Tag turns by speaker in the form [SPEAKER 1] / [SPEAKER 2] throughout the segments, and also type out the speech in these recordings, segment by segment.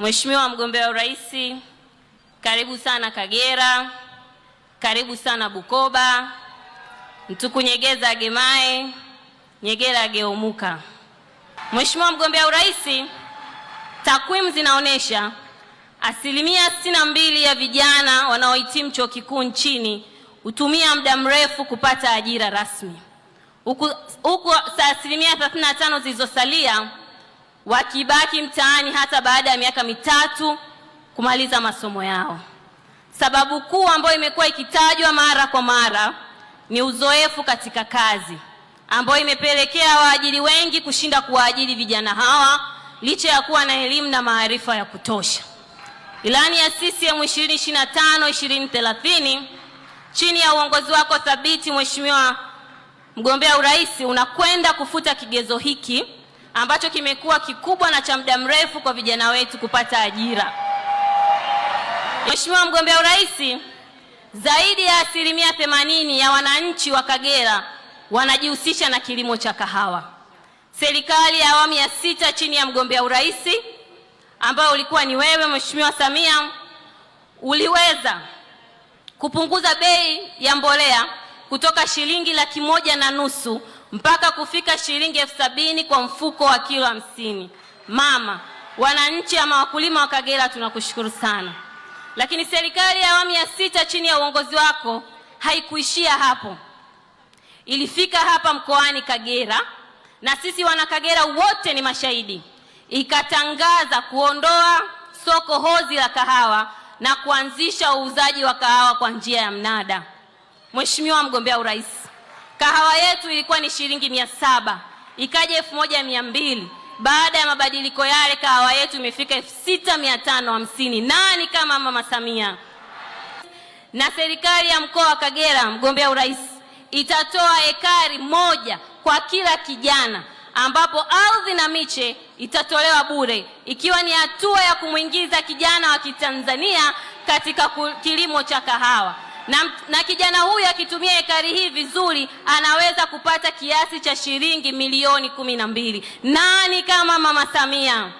[SPEAKER 1] Mheshimiwa mgombea urais, karibu sana Kagera, karibu sana Bukoba, Mtukunyegeza agemae, Nyegera ageomuka. Mheshimiwa mgombea urais, takwimu zinaonyesha asilimia sitini na mbili ya vijana wanaohitimu chuo kikuu nchini hutumia muda mrefu kupata ajira rasmi, huku asilimia 35 zilizosalia wakibaki mtaani hata baada ya miaka mitatu kumaliza masomo yao. Sababu kuu ambayo imekuwa ikitajwa mara kwa mara ni uzoefu katika kazi ambayo imepelekea waajiri wengi kushinda kuwaajiri vijana hawa licha ya kuwa na elimu na maarifa ya kutosha. Ilani ya CCM 2025 2030 chini ya uongozi wako thabiti, Mheshimiwa mgombea urais, unakwenda kufuta kigezo hiki ambacho kimekuwa kikubwa na cha muda mrefu kwa vijana wetu kupata ajira. Mheshimiwa mgombea urais, zaidi ya asilimia themanini ya wananchi wa Kagera wanajihusisha na kilimo cha kahawa. Serikali ya awamu ya sita chini ya mgombea urais ambao ulikuwa ni wewe Mheshimiwa Samia uliweza kupunguza bei ya mbolea kutoka shilingi laki moja na nusu mpaka kufika shilingi elfu sabini kwa mfuko wa kilo hamsini. Mama, wananchi ama wakulima wa Kagera tunakushukuru sana. Lakini serikali ya awamu ya sita chini ya uongozi wako haikuishia hapo, ilifika hapa mkoani Kagera na sisi wana Kagera wote ni mashahidi, ikatangaza kuondoa soko hozi la kahawa na kuanzisha uuzaji wa kahawa kwa njia ya mnada. Mheshimiwa mgombea urais Kahawa yetu ilikuwa ni shilingi mia saba ikaja elfu moja mia mbili baada ya mabadiliko yale kahawa yetu imefika elfu sita mia tano hamsini Nani kama mama Samia? Na serikali ya mkoa wa Kagera, mgombea urais itatoa ekari moja kwa kila kijana, ambapo ardhi na miche itatolewa bure, ikiwa ni hatua ya kumwingiza kijana wa Kitanzania katika kilimo cha kahawa na, na kijana huyu akitumia hekari hii vizuri anaweza kupata kiasi cha shilingi milioni kumi na mbili. Nani kama mama Samia?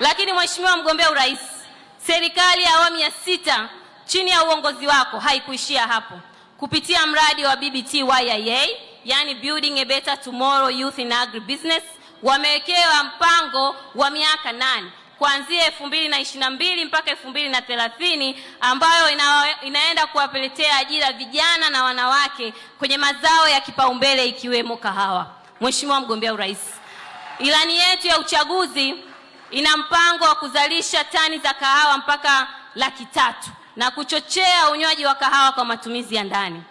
[SPEAKER 1] Lakini mheshimiwa mgombea urais, serikali ya awamu ya sita chini ya uongozi wako haikuishia hapo. Kupitia mradi wa bbt yia yani Building a Better Tomorrow Youth in Agribusiness, wamewekewa mpango wa miaka nane kuanzia elfu mbili na ishirini na mbili mpaka elfu mbili na thelathini ambayo ina, inaenda kuwapeletea ajira vijana na wanawake kwenye mazao ya kipaumbele ikiwemo kahawa. Mheshimiwa mgombea urais, ilani yetu ya uchaguzi ina mpango wa kuzalisha tani za kahawa mpaka laki tatu na kuchochea unywaji wa kahawa kwa matumizi ya ndani.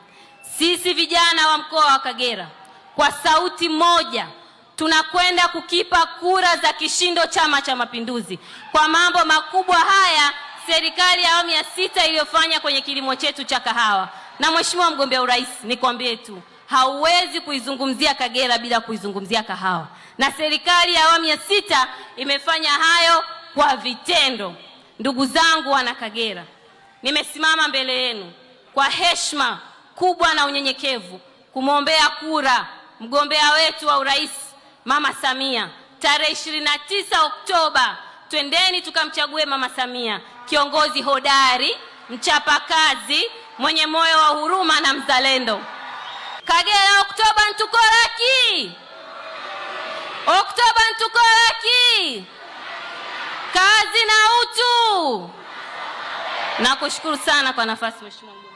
[SPEAKER 1] Sisi vijana wa mkoa wa Kagera kwa sauti moja tunakwenda kukipa kura za kishindo Chama cha Mapinduzi kwa mambo makubwa haya serikali ya awamu ya sita iliyofanya kwenye kilimo chetu cha kahawa. Na mheshimiwa mgombea urais, nikwambie tu hauwezi kuizungumzia Kagera bila kuizungumzia kahawa, na serikali ya awamu ya sita imefanya hayo kwa vitendo. Ndugu zangu wana Kagera, nimesimama mbele yenu kwa heshima kubwa na unyenyekevu kumwombea kura mgombea wetu wa urais Mama Samia tarehe 29 Oktoba, twendeni tukamchague Mama Samia, kiongozi hodari, mchapakazi, mwenye moyo wa huruma na mzalendo. Kagera Oktoba ntukoraki Oktoba ntukoraki kazi na utu. Nakushukuru sana kwa nafasi Mheshimiwa.